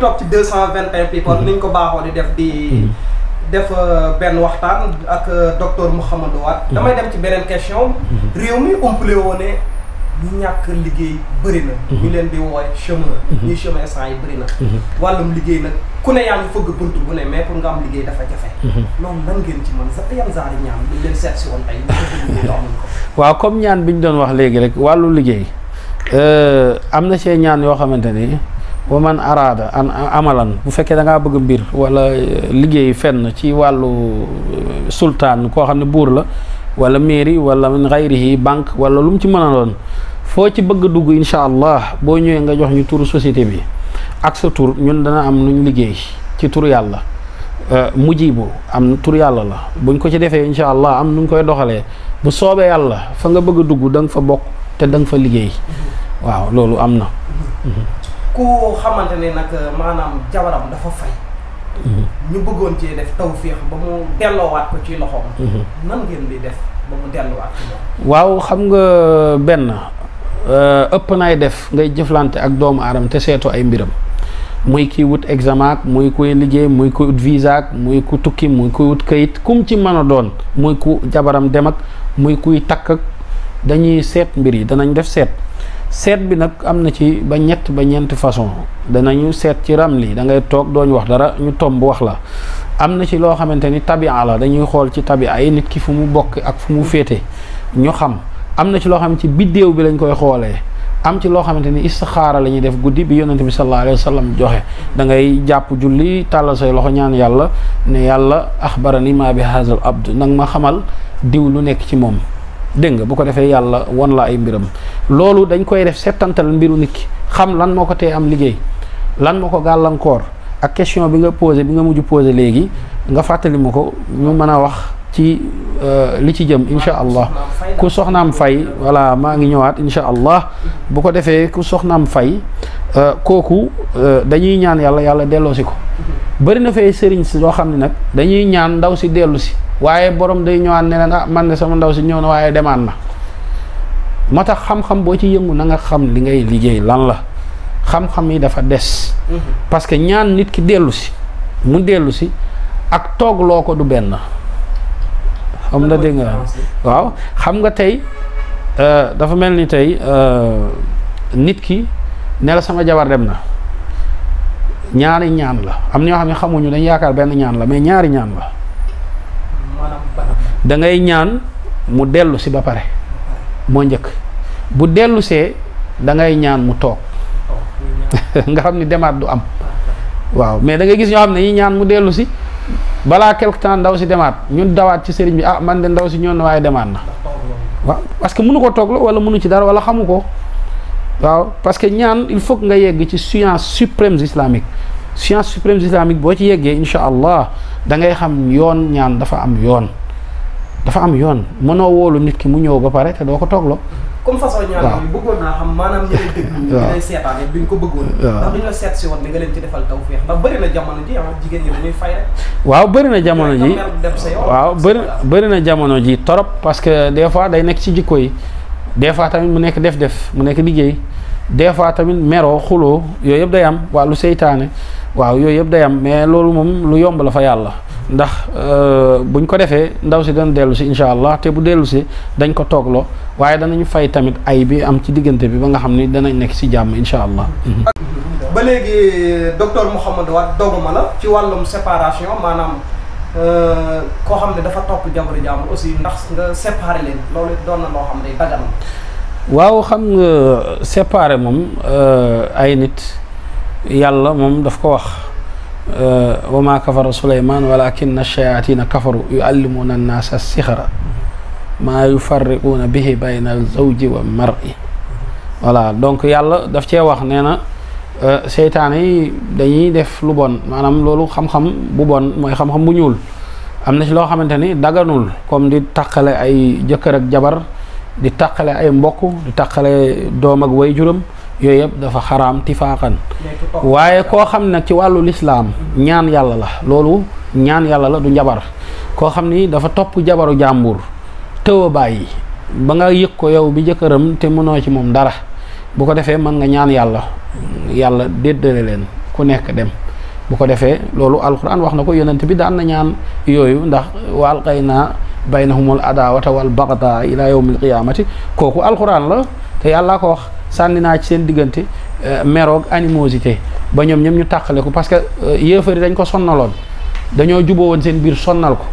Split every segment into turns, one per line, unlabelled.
toog ci deux cent vingt et un people mhm. ko baaxoo di def di mhm. def euh, benn waxtaan ak euh, docteur Mouhamadou Wade mhm. damay dem ci beneen question réew mi umpale woo bu ñàkk liggéey bëri na ñu leen di wooy chômeur ñuy chômeur sant yi bëri na wàllum liggéey nag ku ne yaa ngi fëgg bunt bu ne mais pour nga am liggéey dafa jafe loolu nan ngeen ci mën sa yan zaari ñaan ñu leen seet si woon tey ko
waaw comme ñaan bi ñu doon wax léegi rek wàllu liggéey euh, am na see ñaan yoo xamante ni wa man araada an amalan bu fekkee dangaa bëgg mbir wala eh, liggéey fenn ci wàllu eh, sultaan koo xam ne buur la wala mairie wala min xayrihi banque wala lu mu ci mën a foo ci bëgg dugg incha allah boo ñëwee nga jox ñu turu société bi ak sa tur ñun dana am nuñ liggéey ci tur yàlla eh, mujibu am tur yàlla la buñ ko ci defee incha allah am nuñ koy doxalee bu soobee yàlla fa nga bëgg dugg dang fa bokk te dang fa liggéey mm-hmm. waaw loolu am na mm-hmm. Mm-hmm.
ku xamante ne nag euh, maanaam jabaram dafa fay. Mhm. ñu bëggoon cee def tawféex ba mu delloowaat ko ci loxoom. Mhm. nan ngeen di def ba mu delloowaat ko
waaw xam nga euh, benn euh, ëpp naay def ngay jëflante ak doomu aadama te seetu ay mbiram muy kiy wut examen ak muy kuy liggéey muy kuy wut visa ak muy ku tukki muy kuy wut këyit kum ci mën a doon muy ku jabaram dem ak muy kuy takk dañuy seet mbir yi danañ def seet. seet bi nag am na ci ba ñett ba ñeenti façon danañu seet ci ramli da ngay toog dooñ wax dara ñu tomb wax la am na ci loo xamante ni tabia la dañuy xool ci tabia yi nit ki fu mu bokk ak fu mu féete ñu xam am na ci loo xam ci biddéew bi lañ koy xoolee am ci loo xamante ni istixaara la ñuy def guddi bi yonente bi sallallahu alayhi wa joxe dangay ngay jàpp julli tàllal say loxo ñaan yàlla ne yàlla axbarani ma bi haazal abd nag ma xamal diw lu nekk ci moom dégg nga bu ko defee yàlla won la ay mbiram loolu dañ koy def settantal mbiru nit ki xam lan moo ko tee am liggéey lan moo ko gàllankoor ak question bi nga posé bi nga mujj posé léegi nga fàttali mu ko ñu mën a wax ci euh, li ci jëm insha allah ku soxnaam fay voilà maa ngi ñëwaat insha allah bu ko defee ku soxnaam fay euh, kooku euh, dañuy ñaan yàlla yàlla delloosi ko bëri na fay sëriñ si yoo xam ne nag dañuy ñaan ndaw si dellu si waaye borom day ñëwaan ne leen ah man de sama ndaw si ñëw na waaye demaan na moo tax xam-xam boo ci yëngu na nga xam li ngay liggéey lan la xam-xam yi dafa des. Mm-hmm. parce que ñaan nit ki dellu si mu dellu si ak toog loo ko du benn. xam nga dégg nga waaw xam nga tey euh, dafa mel ni tey euh, nit ki ne sama jabar dem na. ñaari ñaan la am na ñoo xam ne xamuñu dañ yaakaar benn ñaan la mais ñaari ñaan la da ñaan mu dellu si ba pare moo njëkk bu dellusee see da ngay ñaan mu toog oh, nga xam ni demaat du am waaw mais dangay gis ñoo xam ne ñi ñaan mu dellu si balaa quelque temps ndaw si demaat ñun dawaat ci sëriñ bi ah man de ndaw si ñoon na waaye demaat na waaw parce mënu ko toog la wala mënu ci dara wala xamu ko waaw parce que ñaan il faut nga yegg ci science suprême islamique science suprême islamique boo ci yeggee incha allah da ngay xam yoon ñaan dafa am yoon dafa am yoon mënoo wóolu nit ki mu ñëw ba pare te doo ko toogloo. comme façon ñaan bi
bëggoon naa xam ko bëggoon ndax woon di nga leen defal tawfeex ndax ah,
waaw bëri na jamono ji waaw bëri bëri na jamono ji trop parce que des fois day nekk ci jikko yi des fois tamit mu nekk def-def mu nekk liggéey des fois tamit meroo xuloo yooyu yëpp day am wàllu seytaane waaw yooyu yëpp day am mais loolu moom lu yomb la fa yàlla ndax euh, buñ ko defee ndaw si dana dellu si incha allah te bu dellu si dañ ko toogloo waaye danañu fay tamit ay bi am ci diggante bi ba nga xam ni danañ nekk si jàmm incha allah. Mhm.
ba léegi docteur Mouhamadou Wade doguma la ci wàllum séparation maanaam. Euh, koo xam ne dafa topp jabaru jàmbur aussi ndax nga séparé leen loolu doon loo xam ne dagan
waaw xam nga séparé moom euh, ay nit yàlla moom daf ko wax euh, wa maa kafara suleyman walakinna shayatina kafaru yuallimuna annaasa sixra maa yufarriquuna bihi bayna zawji wa mar'i voilà donc yàlla daf cee wax nee na Euh, seytaane yi dañuy def lu bon maanaam loolu xam-xam bu bon mooy xam bu ñuul am na si loo xamante ni daganul comme di taqale ay jëkkër ak jabar di taqale ay mbokk di taqale doom ak way juram yooyu yëpp dafa xaraam tifaaxan waaye koo xam nag ci wàllu lislaam ñaan yàlla la loolu ñaan yàlla la du njabar koo xam ni dafa topp jabaru jàmbur tëw bàyyi ba nga yëg ko yow bi jëkkëram te mënoo ci moom dara bu ko defee mën nga ñaan yàlla yàlla déddale leen ku nekk dem bu ko defee loolu alquran wax na ko yonent bi daan na ñaan yooyu ndax wa alqaynaa baynahumul adaawata wal bagdaa yow yawmil qiyaamati kooku alquran la te yàllaa ko wax sànni naa ci seen diggante eh, meroog animosité ba ñoom ñoom ñu tàqale ko parce que eh, yéefari dañ ko sonnaloon dañoo juboo woon seen biir sonnal ko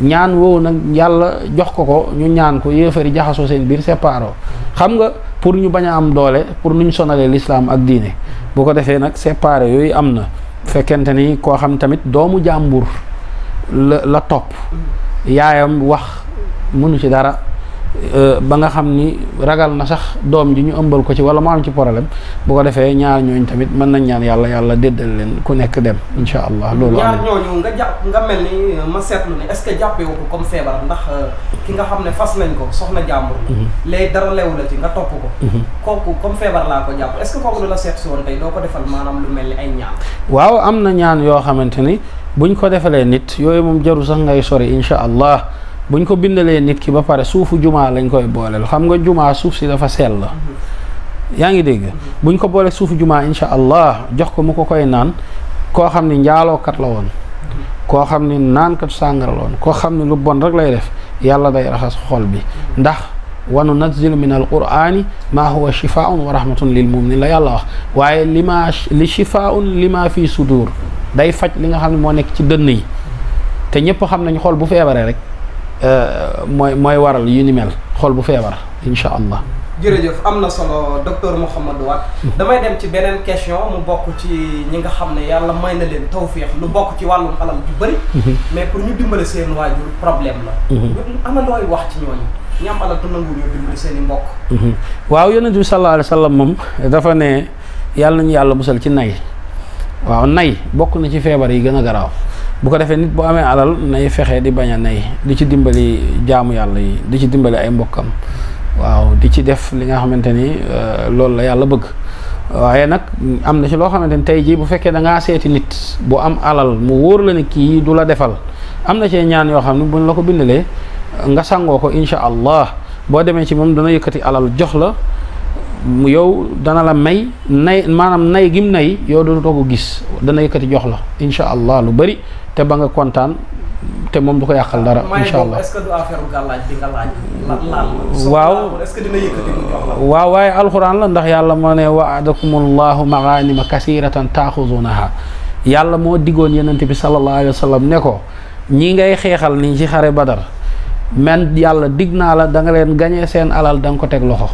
ñaan woowu nag yàlla jox ko ko ñu ñaan ko yéefari jaxasoo seen biir séparoo xam nga pour ñu bañ a am doole pour nuñ sonalee lislaam ak diine bu ko defee nag séparé yooyu am na fekkente ni koo xam tamit doomu jàmbur la la topp yaayam wax mënu ci dara ba nga xam ni ragal na sax doom ji ñu ëmbal ko ci wala mu am ci problème bu ko defee ñaar ñooñ tamit mën nañ ñaan yàlla yàlla déddal leen ku nekk dem insha allah loolu ñaar
ma seetlu ne ndax euh, ki nga xam ne fas nañ ko soxna jàmbur mhm. léegi dara lewu la ko mhm. kooku maanaam lu mel ni ay
am na ñaan yoo xamante ni buñ ko defalee nit yooyu moom jaru sax ngay sori insha allah buñ ko bindalee nit ki ba pare suufu jumaa lañ koy booleel xam nga jumaa suuf si dafa sell la yaa ngi dégg buñ ko boolee suufu jumaa incha allah jox ko mu ko koy naan koo xam ni njaalookat la woon koo xam ni naankat sàngara la woon koo xam ni lu bon rek lay def yàlla day raxas xol bi ndax wa nunazzilu min al qurani maa huwa shifaun wa rahmatun lil ni la yàlla wax waaye li maa li shifaun li maa fii sudur day faj li nga xam ne moo nekk ci dënn yi te ñépp xam nañ xol bu feebaree rek Euh, mooy mooy waral yu ni mel xol bu feebar incha allah.
jërëjëf am na solo docteur Mouhamadou Watt damay dem ci beneen question mu bokk ci ñi nga xam ne yàlla may na leen tawféex lu bokk ci wàllum alal ju bëri. Mhm. mais pour ñu dimbale seen waajur problème la. am mhm. looy wax ci ñooñu ñi am du nangu ñu dimbale seen i mbokk.
Mhm. waaw yonent bi sallallahu alayhi moom dafa ne yàlla nañu yàlla musal ci nay waaw nay bokk na ci feebar yi gën a garaaw. bu ko defee nit bu amee alal nay fexe di bañ a nay di ci dimbali jaamu yàlla yi di ci dimbali ay mbokkam waaw di ci def li nga xamante ni euh, loolu la yàlla bëgg waaye nag am na ci loo xamante ni tey jii bu fekkee da ngaa seeti nit bu am alal mu wóor la ne kii du la defal am na cee ñaan yoo xam ne buñ la ko bindalee nga sangoo ko incha allah boo demee ci moom dana yëkkati alal jox la. mu yow dana la may nay maanaam nay gim nay yow dootoo ko gis dana yëkkati jox la incha allah lu bëri te ba nga kontaan te moom du ko yàqal dara. incha allah
est-ce que du affaire gàllaaj bi nga laaj. waaw est-ce que dina yëkkati
waaw waaye alxuraan la ndax yàlla moo ne waadakumullahu maganima kasiratan taaxuzunaha yàlla moo diggoon yenent bi sallallahu alayhi ne ko ñi ngay xeexal ni ci xare badar man yàlla dig naa la danga leen gañe seen alal danga ko teg loxo.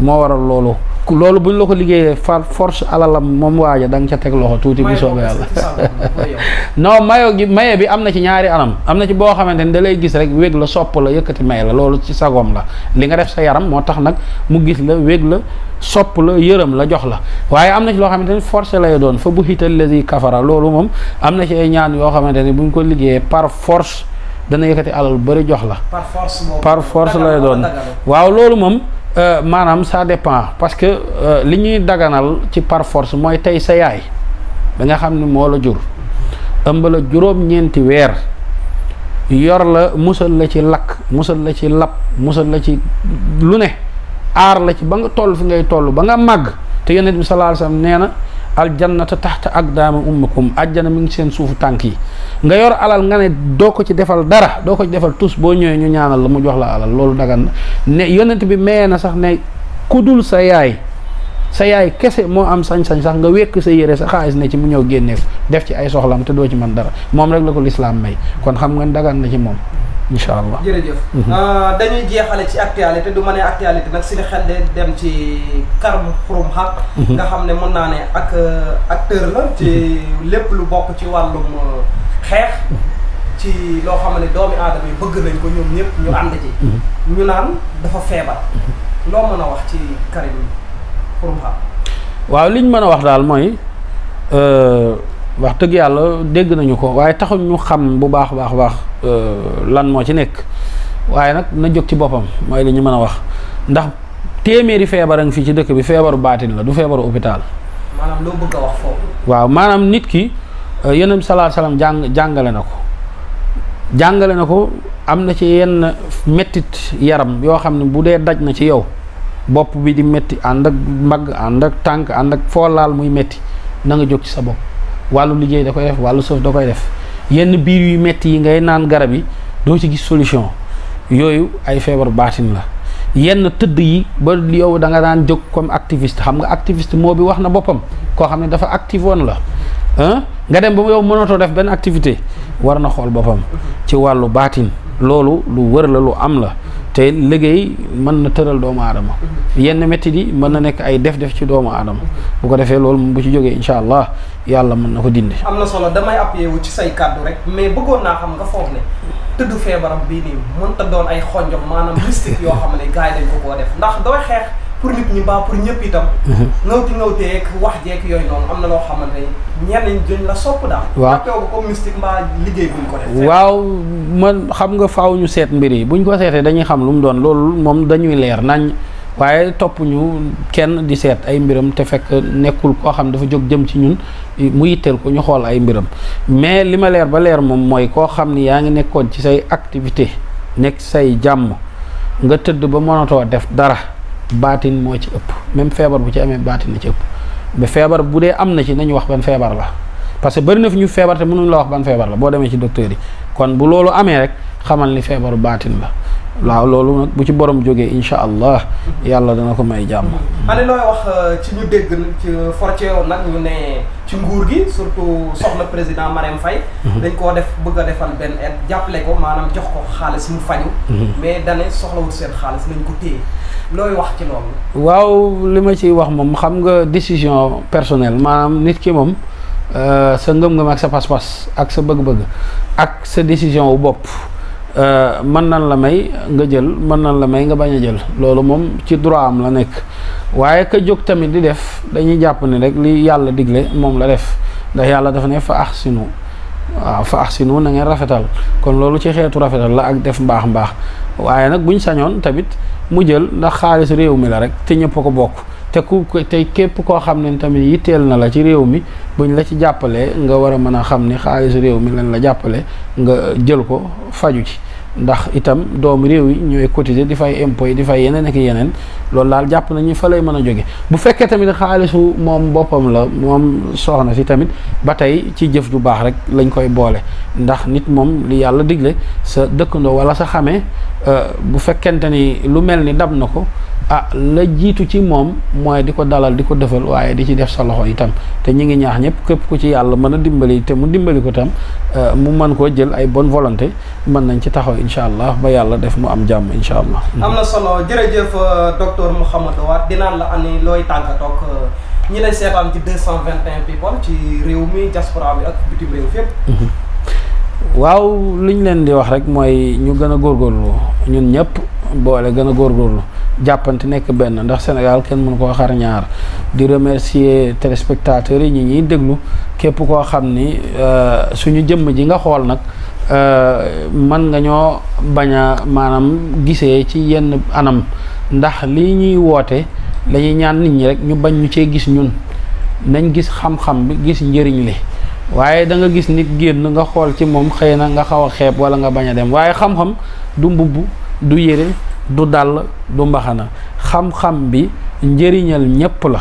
moo war waral loolu loolu bu ñu la ko liggéeyee far force alalam moom waaja da nga ca teg loxo tuuti bu soobee la non mayo gi maye bi am na ci ñaari anam am na ci boo xamante ni da lay gis rek wég la sopp la yëkkati may la loolu ci sagoom la li nga def sa yaram moo tax nag mu gis la wég la sopp la yërëm la jox la waaye am na ci loo xamante ni force lay doon fa bu xital lazi kafara loolu moom am na ci ay ñaan yoo xamante ni bu ñu ko liggéeyee par force dana yëkkati alal bëri jox la par Euh, maanaam ça dépend parce que euh, li ñuy daganal ci parforce mooy tey sa yaay bi nga xam ni moo la jur ëmb la juróom-ñeenti weer yor la musal la ci lakk musal la ci lap musal la ci lu ne aar la ci ba nga toll fi ngay toll ba nga màgg te yonent bi sallallahu alayhi wasallam nee na aljannata taxta aqdaama ummakum ajjana mi ngi seen suufu tànk yi nga yor alal nga ne doo ko ci defal dara doo ko ci defal tus boo ñëwee ñu ñaanal la mu jox la alal loolu dagan na ne yonent bi mayee na sax ne ku dul sa yaay sa yaay kese moo am sañ-sañ sax nga wekk sa yére sa xaalis ne ci mu ñëw génneeku def ci ay soxlam te doo ci mën dara moom rek la ko lislaam may kon xam nga dagan na ci moom incha allah jërëjëf. Mhm.
Euh, dañuy jeexale ci actualité du ma ne actualité nag suñu xel de dem ci Karim Xrum Xax. Mhm. nga xam ne mën naa ne ak euh, acteur la. ci mhm. lépp lu bokk ci wàllum euh, xeex. ci loo xam ne doomi aadama yi bëgg nañ ko ñoom ñëpp ñu ànd ci. ñu naan dafa feebar. loo mën a wax ci Karim Xrum Xax.
waaw liñ mën a wax daal mooy. wax dëgg yàlla dégg nañu ko waaye taxul ñu xam bu baax baax baax euh, lan moo ci nekk waaye nag na jóg ci boppam mooy li mën a wax ndax téeméeri feebar a fii ci dëkk bi feebaru baatin la du feebaru hôpital. maanaam loo waaw maanaam nit ki yeneen salaat salaam jàng jàngale na ko jàngale na ko am na ci yenn mettit yaram yoo xam ne bu dee daj na ci yow bopp bi di metti ànd ak mbagg ànd ak tànk ànd ak laal muy metti na nga jóg ci sa bopp. wàllu liggéey da koy def wàllu suuf da koy def yenn biir yu metti yi ngay naan garab yi doo ci gis solution yooyu ay feebar baatin la yenn tëdd yi ba yow da nga daan jóg comme activiste xam nga activiste moo bi wax na boppam koo xam ne dafa active woon la nga dem ba yow mënatoo def benn activité war na xool boppam ci wàllu baatin loolu lu wër la lu am la te liggéey mën na tëral doomu aadama yenn métti di mën na nekk ay def-def ci doomu aadama bu ko defee loolu bu ci jógee incha allah yàlla mën na ko dindi.
am na solo damay appuyé wu ci say kàddu rek mais bëggoon naa xam nga foog ne tëdd feebaram bii nii mënta doon ay xonjom maanaam mystique yoo xam ne gars yi dañ koo def ndax dooy xeex pour nit ñi mbaa pour ñëpp itam. ngawti mhm. ngawteeg wax jeeg yooyu noonu am na loo xamante ni ñenn dañ la sopp daal. waaw teew ko mystique mbaa liggéey buñ ko
def. waaw man xam nga faw ñu seet mbir yi buñ ko seetee dañuy xam lu mu doon loolu moom dañuy leer nañ. waaye topp ñu kenn di seet ay mbiram te fekk nekkul koo xam dafa jóg jëm ci ñun mu yitteel ko ñu xool ay mbiram mais li ma leer ba leer moom mooy koo xam ni yaa ngi nekkoon ci say activité nekk say jàmm nga tëdd ba mënatoo def dara baatin moo ci ëpp même feebar bu ci amee baatin na ci ëpp mais feebar bu dee am na ci nañu wax ban feebar la parce que bëri na fi ñu feebar te mënuñ la wax ban feebar la boo demee ci docteur yi kon bu loolu amee rek xamal ni feebaru baatin la waaw loolu nag bu ci borom jógee incha allah yàlla dana ko may jàmm.
Aliou looy wax euh, ci dégg ci forceewoon nag ñu ne ci nguur gi surtout président Marème Faye. Mhm. dañ koo def bëgg a defal benn jàppale ko maanaam jox ko xaalis mu faju mhm. mais dane soxlawul seen xaalis nañ ko téye looy wax ci
waaw li ma ciy wax moom xam nga décision personnel maanaam nit ki moom euh, sa ngëm-ngëm ak sa pas-pas ak sa bëgg-bëgg ak sa décision wu bopp. Euh, mën nañ la may nga jël mën nañ la may nga bañ a jël loolu moom ci droit am la nekk waaye ka jóg tamit di def dañuy jàpp ne rek li yàlla digle moom la def ndax yàlla dafa ne fa axsinu waaw fa axsinu na ngeen rafetal kon loolu ci xeetu rafetal la ak def mbaax mbaax waaye nag buñ sañoon tamit mu jël ndax xaalis réew mi la rek te ñëpp ko bokk te ku tey képp koo xam ne tamit yitteel na la ci réew mi buñ la ci jàppalee nga war a mën a xam ni xaalis réew mi lañ la jàppale nga jël ko faju ci ndax itam doomu réew yi ñooy cotiser di fay impôt yi di yeneen ak yeneen loolu daal jàpp nañu fa lay mën a jóge bu fekkee tamit xaalisu moom boppam la moom soxna si tamit ba tey ci jëf ju baax rek lañ koy boole ndax nit moom li yàlla digle sa dëkkandoo wala sa xamee euh, bu fekkente ni lu mel ni dab na ko ah la jiitu ci moom mooy di ko dalal di ko defal waaye di ci def sa loxo itam te ñu ngi ñaax ñëpp képp ku ci yàlla mën a dimbali te mu dimbali ko tam eh, mu mën koo jël ay bonne volonté mën nañ ci taxaw incha allah ba yàlla def mu am jàmm incha allah. am na
solo jërëjëf mu eh, Mouhamadou Wade dinaan la ani looy tàggatoo ak eh, ñi lay seetaan ci 221 people ci réew mi diaspora bi ak bitim réew fépp.
Mhm. waaw li ñu leen di wax rek mooy ñu gën a góorgóorlu ñun ñëpp boole gën a góorgóorlu. jàppante nekk benn ndax Sénégal kenn mënu koo xar ñaar di remercier téléspectateurs yi ñi ñuy déglu képp koo xam ni euh, suñu jëmm ji nga xool nag euh, mën nga ñoo bañ a maanaam gisee ci yenn anam ndax lii ñuy woote lañuy ñaan nit ñi rek ñu bañ ñu cee gis ñun nañ gis xam-xam bi gis njëriñ li waaye da nga gis nit génn nga xool ci moom xëy na nga xaw a xeeb wala nga bañ a dem waaye xam-xam du mbubb du yére du dàll du mbaxana xam-xam bi njëriñal ñépp la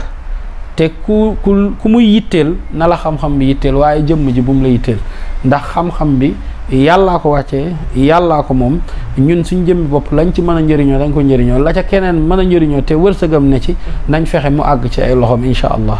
te ku ku ku muy yitteel na la xam-xam bi yitteel waaye jëmm ji bu mu la yitteel ndax xam-xam bi yàllaa ko wàccee yàllaa ko moom ñun suñ jëmmi bopp lañ ci mën a njëriñoo dañ ko njëriñoo la ca keneen mën a njëriñoo te wërsëgam ne ci nañ fexe mu àgg ci ay loxoom incha allah